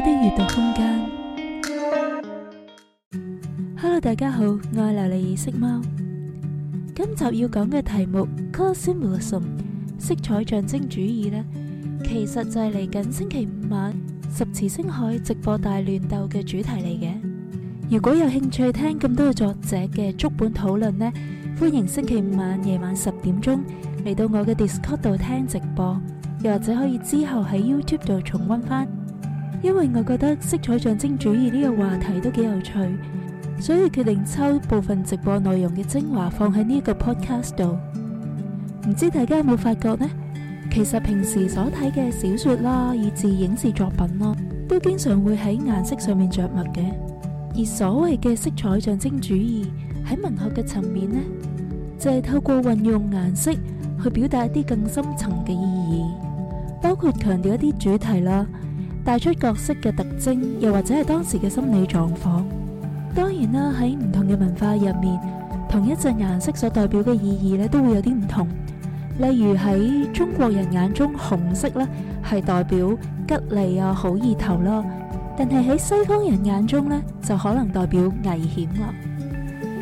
的閱讀空間。Hello，大家好，我係琉璃異色貓。今集要講嘅題目，color symbolism，色彩象徵主義呢，其實就係嚟緊星期五晚十辭星海直播大亂鬥嘅主題嚟嘅。如果有興趣聽咁多作者嘅足本討論呢，歡迎星期五晚夜晚十點鐘嚟到我嘅 Discord 度聽直播，又或者可以之後喺 YouTube 度重溫返。因為我覺得色彩象徵主義呢個話題都幾有趣，所以決定抽部分直播內容嘅精華放喺呢個 podcast 度。唔知大家有冇發覺呢？其實平時所睇嘅小說啦，以至影視作品咯，都經常會喺顏色上面着墨嘅。而所謂嘅色彩象徵主義喺文學嘅層面呢，就係透過運用顏色去表達一啲更深層嘅意義，包括強調一啲主題啦。帶出角色嘅特徵，又或者係當時嘅心理狀況。當然啦，喺唔同嘅文化入面，同一隻顏色所代表嘅意義呢，都會有啲唔同。例如喺中國人眼中，紅色呢係代表吉利啊、好意頭啦，但係喺西方人眼中呢，就可能代表危險啦。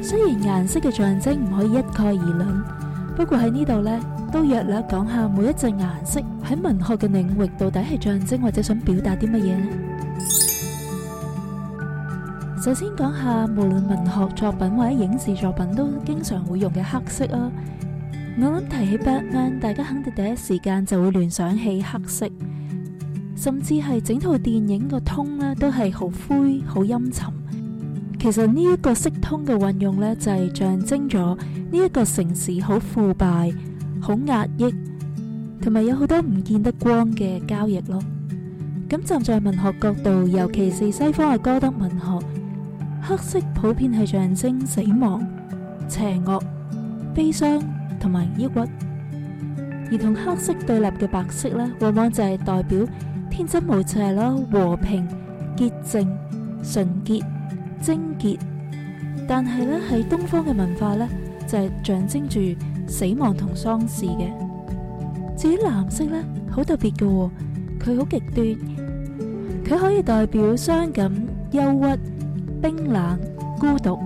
雖然顏色嘅象徵唔可以一概而論。不過喺呢度咧，都約略講下每一隻顏色喺文學嘅領域到底係象徵或者想表達啲乜嘢咧？首先講下，無論文學作品或者影視作品，都經常會用嘅黑色啊。我諗提起 Batman，大家肯定第一時間就會聯想起黑色，甚至係整套電影個 tone 咧，都係好灰、好陰沉。其實呢一個色通嘅運用呢，就係、是、象徵咗呢一個城市好腐敗、好壓抑，同埋有好多唔見得光嘅交易咯。咁、嗯、站在文學角度，尤其是西方嘅哥德文學，黑色普遍係象徵死亡、邪惡、悲傷同埋抑鬱，而同黑色對立嘅白色呢，往往就係代表天真無邪咯、和平、潔淨、純潔。貞潔，但係咧喺東方嘅文化呢，就係、是、象徵住死亡同喪事嘅。至於藍色呢，好特別㗎喎，佢好極端，佢可以代表傷感、憂鬱、冰冷、孤獨，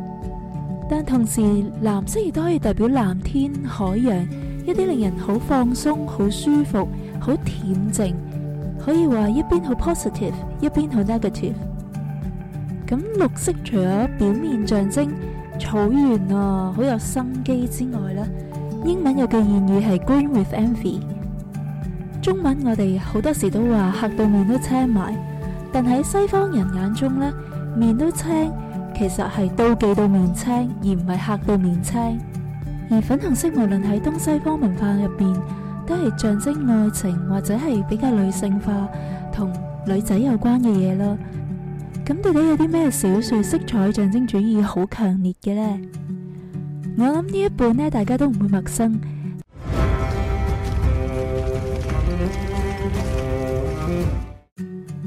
但同時藍色亦都可以代表藍天、海洋，一啲令人好放鬆、好舒服、好恬靜，可以話一邊好 positive，一邊好 negative。咁綠色除咗表面象徵草原啊，好有生機之外咧，英文有句諺語係 green with envy。中文我哋好多時都話吓到面都青埋，但喺西方人眼中呢，「面都青」其實係妒忌到面青，而唔係吓到面青。而粉紅色無論喺東西方文化入邊，都係象徵愛情或者係比較女性化同女仔有關嘅嘢咯。咁到底有啲咩小說色彩象徵主義好強烈嘅呢？我諗呢一本呢，大家都唔會陌生。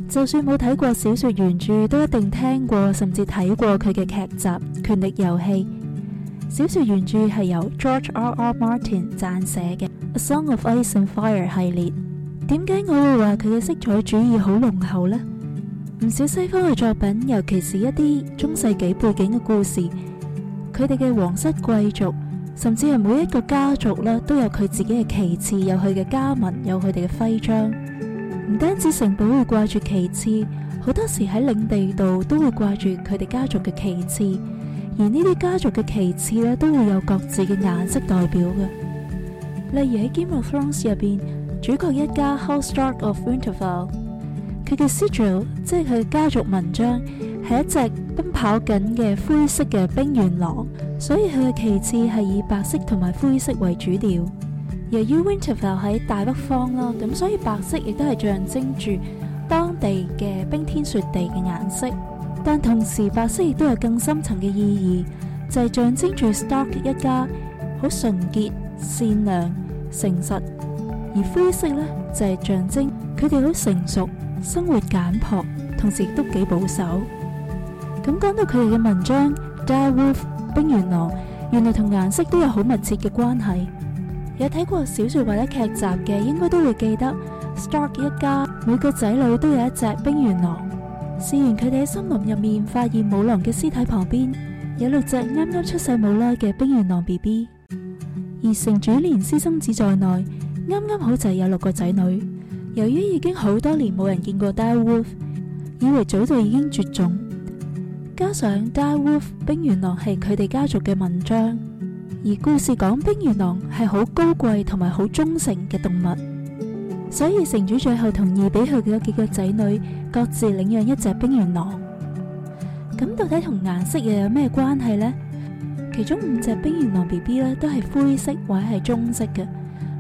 就算冇睇過小說原著，都一定聽過甚至睇過佢嘅劇集《權力遊戲》。小說原著係由 George R. R. Martin 撰寫嘅《A Song of Ice and Fire》系列。點解我會話佢嘅色彩主義好濃厚呢？唔少西方嘅作品，尤其是一啲中世紀背景嘅故事，佢哋嘅皇室貴族，甚至係每一個家族啦，都有佢自己嘅旗幟，有佢嘅家紋，有佢哋嘅徽章。唔單止城堡會掛住旗幟，好多時喺領地度都會掛住佢哋家族嘅旗幟。而呢啲家族嘅旗幟呢，都會有各自嘅顏色代表嘅。例如喺《Game of Thrones》入邊，主角一家 House Stark of Winterfell 佢嘅 sigil 即係佢家族紋章係一隻奔跑緊嘅灰色嘅冰原狼，所以佢嘅旗幟係以白色同埋灰色為主調。由於 Winterfell 喺大北方啦，咁所以白色亦都係象徵住當地嘅冰天雪地嘅顏色。但同時，白色亦都有更深層嘅意義，就係象徵住 Stark 一家好純潔、善良、誠實。而灰色呢就係象徵佢哋好成熟。生活簡樸，同時亦都幾保守。咁講到佢哋嘅文章，Dire Wolf 冰原狼，原來同顏色都有好密切嘅關係。有睇過小說或者劇集嘅，應該都會記得 Stark 一家每個仔女都有一隻冰原狼。試完，佢哋喺森林入面發現母狼嘅屍體旁邊，有六隻啱啱出世冇耐嘅冰原狼 B B。而城主連私生子在內，啱啱好就有六個仔女。由於已經好多年冇人見過 Dire Wolf，以為早就已經絕種。加上 Dire Wolf 冰原狼係佢哋家族嘅文章，而故事講冰原狼係好高貴同埋好忠誠嘅動物，所以城主最後同意俾佢嘅幾個仔女各自領養一隻冰原狼。咁到底同顏色又有咩關係呢？其中五隻冰原狼 B B 呢，都係灰色或者係棕色嘅。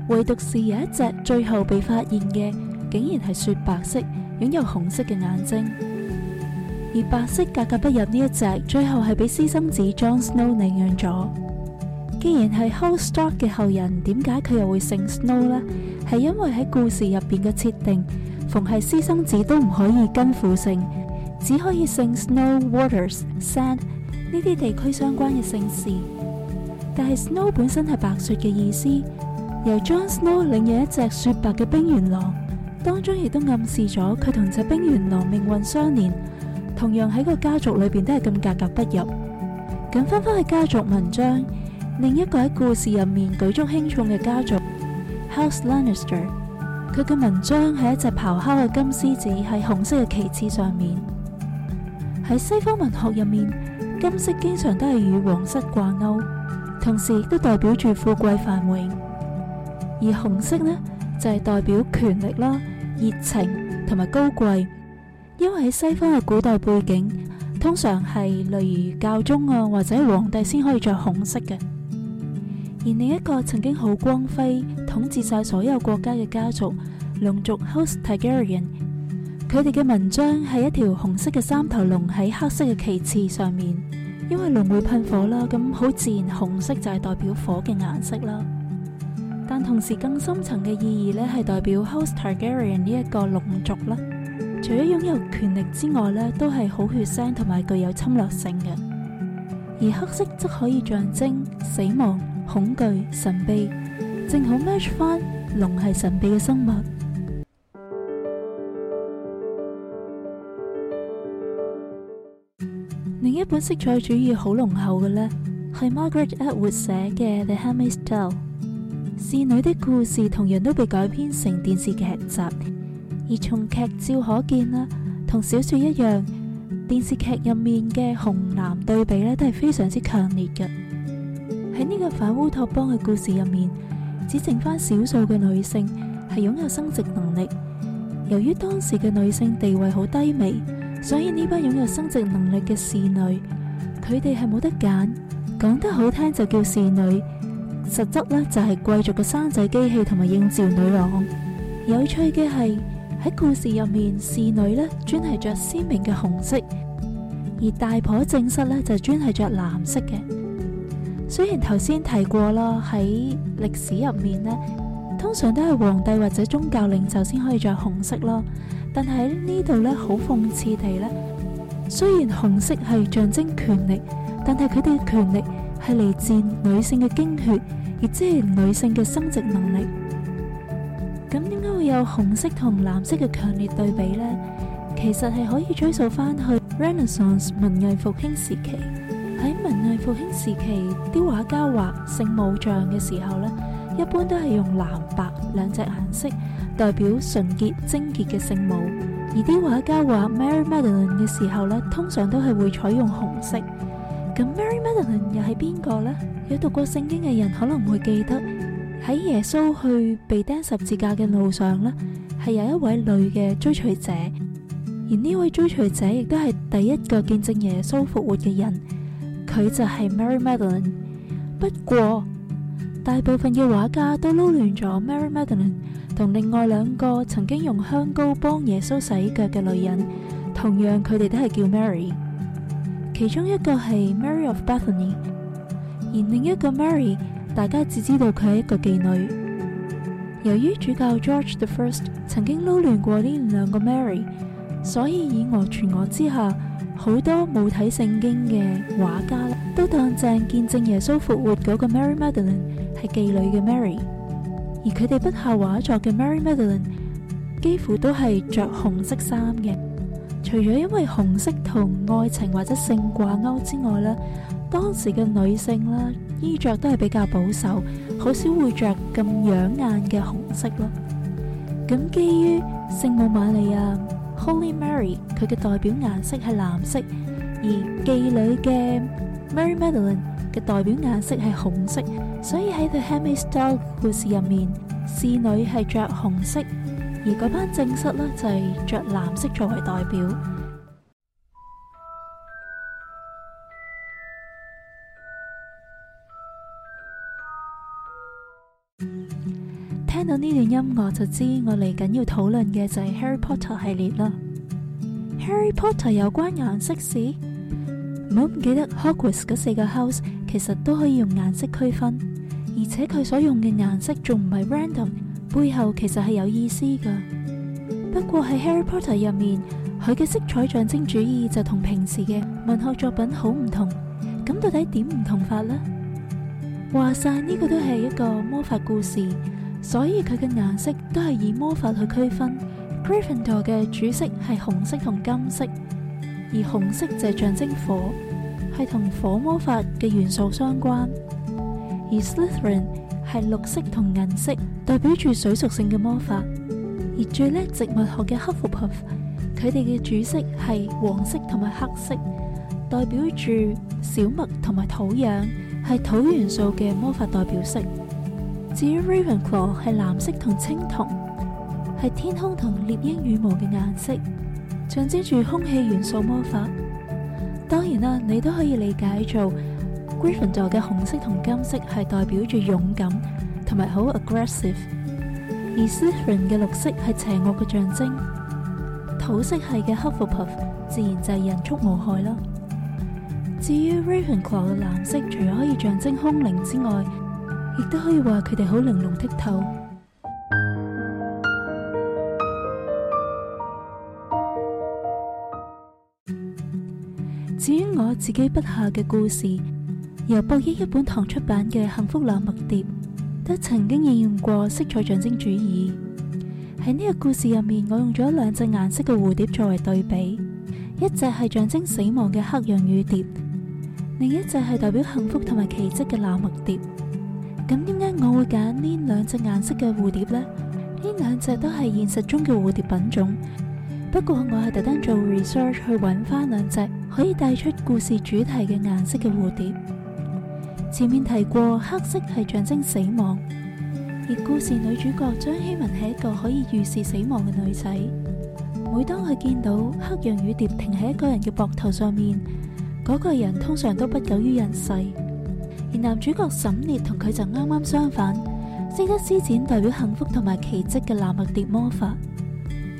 唯獨是有一隻最後被發現嘅，竟然係雪白色，擁有紅色嘅眼睛。而白色格格不入呢一隻，最後係俾私生子 John Snow 領養咗。既然係 House Stark 嘅後人，點解佢又會姓 Snow 呢？係因為喺故事入邊嘅設定，逢係私生子都唔可以跟父姓，只可以姓 Snow、Waters、Sand 呢啲地區相關嘅姓氏。但係 Snow 本身係白雪嘅意思。由 Jon Snow 領有一隻雪白嘅冰原狼，當中亦都暗示咗佢同隻冰原狼命運相連，同樣喺個家族裏邊都係咁格格不入。咁翻翻去家族文章，另一個喺故事入面舉足輕重嘅家族 House Lannister，佢嘅文章係一隻咆哮嘅金獅子喺紅色嘅旗幟上面。喺西方文學入面，金色經常都係與皇室掛鈎，同時亦都代表住富貴繁榮。而紅色呢，就係、是、代表權力啦、熱情同埋高貴，因為喺西方嘅古代背景，通常係例如教宗啊或者皇帝先可以着紅色嘅。而另一個曾經好光輝統治晒所有國家嘅家族——龍族 House Targaryen 佢哋嘅紋章係一條紅色嘅三頭龍喺黑色嘅旗幟上面，因為龍會噴火啦，咁好自然，紅色就係代表火嘅顏色啦。但同時更深層嘅意義咧，係代表 House Targaryen 呢一個龍族啦。除咗擁有權力之外咧，都係好血腥同埋具有侵略性嘅。而黑色則可以象徵死亡、恐懼、神秘，正好 match 翻龍係神秘嘅生物。另一本色彩主義好濃厚嘅咧，係 Margaret Atwood 寫嘅《The Handmaid's Tale》。侍女的故事同樣都被改編成電視劇集，而從劇照可見啦，同小說一樣，電視劇入面嘅紅藍對比呢，都係非常之強烈嘅。喺呢個反烏托邦嘅故事入面，只剩翻少數嘅女性係擁有生殖能力。由於當時嘅女性地位好低微，所以呢班擁有生殖能力嘅侍女，佢哋係冇得揀，講得好聽就叫侍女。實質呢就係、是、貴族嘅生仔機器同埋應召女郎。有趣嘅係喺故事入面，侍女呢專係着鮮明嘅紅色，而大婆正室呢就專係着藍色嘅。雖然頭先提過啦，喺歷史入面呢，通常都係皇帝或者宗教領袖先可以着紅色咯。但係喺呢度，呢，好諷刺地呢。雖然紅色係象徵權力，但係佢哋嘅權力，係嚟自女性嘅經血，亦即係女性嘅生殖能力。咁點解會有紅色同藍色嘅強烈對比呢？其實係可以追溯翻去 Renaissance 文藝復興時期。喺文藝復興時期，啲畫家畫聖母像嘅時候呢，一般都係用藍白兩隻顏色代表純潔、貞潔嘅聖母。而啲畫家畫 Mary Magdalene 嘅時候呢，通常都係會採用紅色。咁又係邊個呢？有讀過聖經嘅人可能會記得喺耶穌去被釘十字架嘅路上呢係有一位女嘅追隨者，而呢位追隨者亦都係第一個見證耶穌復活嘅人，佢就係 Mary Magdalene。不過大部分嘅畫家都撈亂咗 Mary Magdalene 同另外兩個曾經用香膏幫耶穌洗腳嘅女人，同樣佢哋都係叫 Mary。其中一個係 Mary of Bethany，而另一個 Mary，大家只知道佢係一個妓女。由於主教 George the First 曾經撈亂過呢兩個 Mary，所以以訛傳訛之下，好多冇睇聖經嘅畫家都當正見證耶穌復活嗰個 Mary Magdalene 係妓女嘅 Mary，而佢哋筆下畫作嘅 Mary Magdalene 幾乎都係着紅色衫嘅。除咗因為紅色同愛情或者性掛鈎之外咧，當時嘅女性啦，衣着都係比較保守，好少會着咁養眼嘅紅色咯。咁基於聖母瑪利亞 （Holy Mary） 佢嘅代表顏色係藍色，而妓女嘅 Mary Magdalene 嘅代表顏色係紅色，所以喺 The Handmaid's Tale 故事入面，侍女係着紅色。而嗰班正室呢就係着藍色作為代表。聽到呢段音樂就知我嚟緊要討論嘅就係 Harry Potter 系列啦。Harry Potter 有關顏色事，唔好唔記得 Hogwarts 嗰四個 House 其實都可以用顏色區分，而且佢所用嘅顏色仲唔係 random。背後其實係有意思噶，不過喺《Harry Potter》入面，佢嘅色彩象徵主義就同平時嘅文學作品好唔同。咁到底點唔同法呢？話晒呢個都係一個魔法故事，所以佢嘅顏色都係以魔法去區分。Gryffindor 嘅主色係紅色同金色，而紅色就係象徵火，係同火魔法嘅元素相關。而 Slytherin 係綠色同銀色，代表住水屬性嘅魔法；而最叻植物學嘅 Hufflepuff，佢哋嘅主色係黃色同埋黑色，代表住小麥同埋土壤，係土元素嘅魔法代表色。至於 Ravenclaw 係藍色同青銅，係天空同獵鷹羽毛嘅顏色，象徵住空氣元素魔法。當然啦，你都可以理解做。Raven 座嘅紅色同金色係代表住勇敢同埋好 aggressive，而 Siren 嘅綠色係邪惡嘅象徵，土色系嘅黑腐皮自然就係人畜無害啦。至於 Raven 狂嘅藍色，除咗可以象徵空靈之外，亦都可以話佢哋好玲瓏剔透。 至於我自己筆下嘅故事，由博益一本堂出版嘅《幸福藍默蝶》都曾經應用過色彩象徵主義。喺呢個故事入面，我用咗兩隻顏色嘅蝴蝶作為對比，一隻係象徵死亡嘅黑揚羽蝶，另一隻係代表幸福同埋奇跡嘅藍默蝶。咁點解我會揀呢兩隻顏色嘅蝴蝶呢？呢兩隻都係現實中嘅蝴蝶品種，不過我係特登做 research 去揾翻兩隻可以帶出故事主題嘅顏色嘅蝴蝶。前面提過，黑色係象徵死亡，而故事女主角張希文係一個可以預示死亡嘅女仔。每當佢見到黑羊芋蝶停喺一個人嘅膊頭上面，嗰、那個人通常都不久於人世。而男主角沈烈同佢就啱啱相反，識得施展代表幸福同埋奇跡嘅藍默蝶魔法。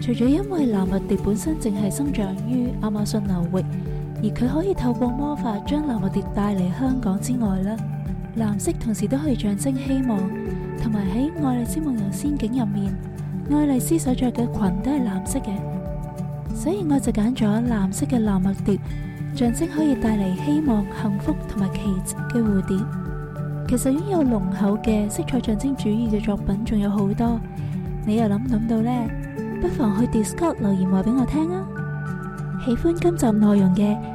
除咗因為藍默蝶本身淨係生長於亞馬遜流域。而佢可以透過魔法將藍默蝶帶嚟香港之外啦。藍色同時都可以象徵希望，同埋喺愛麗絲夢遊仙境入面，愛麗絲所着嘅裙都係藍色嘅，所以我就揀咗藍色嘅藍默蝶，象徵可以帶嚟希望、幸福同埋奇蹟嘅蝴蝶。其實擁有濃厚嘅色彩象徵主義嘅作品仲有好多，你又諗唔諗到呢？不妨去 Discord 留言話俾我聽啊！喜歡今集內容嘅。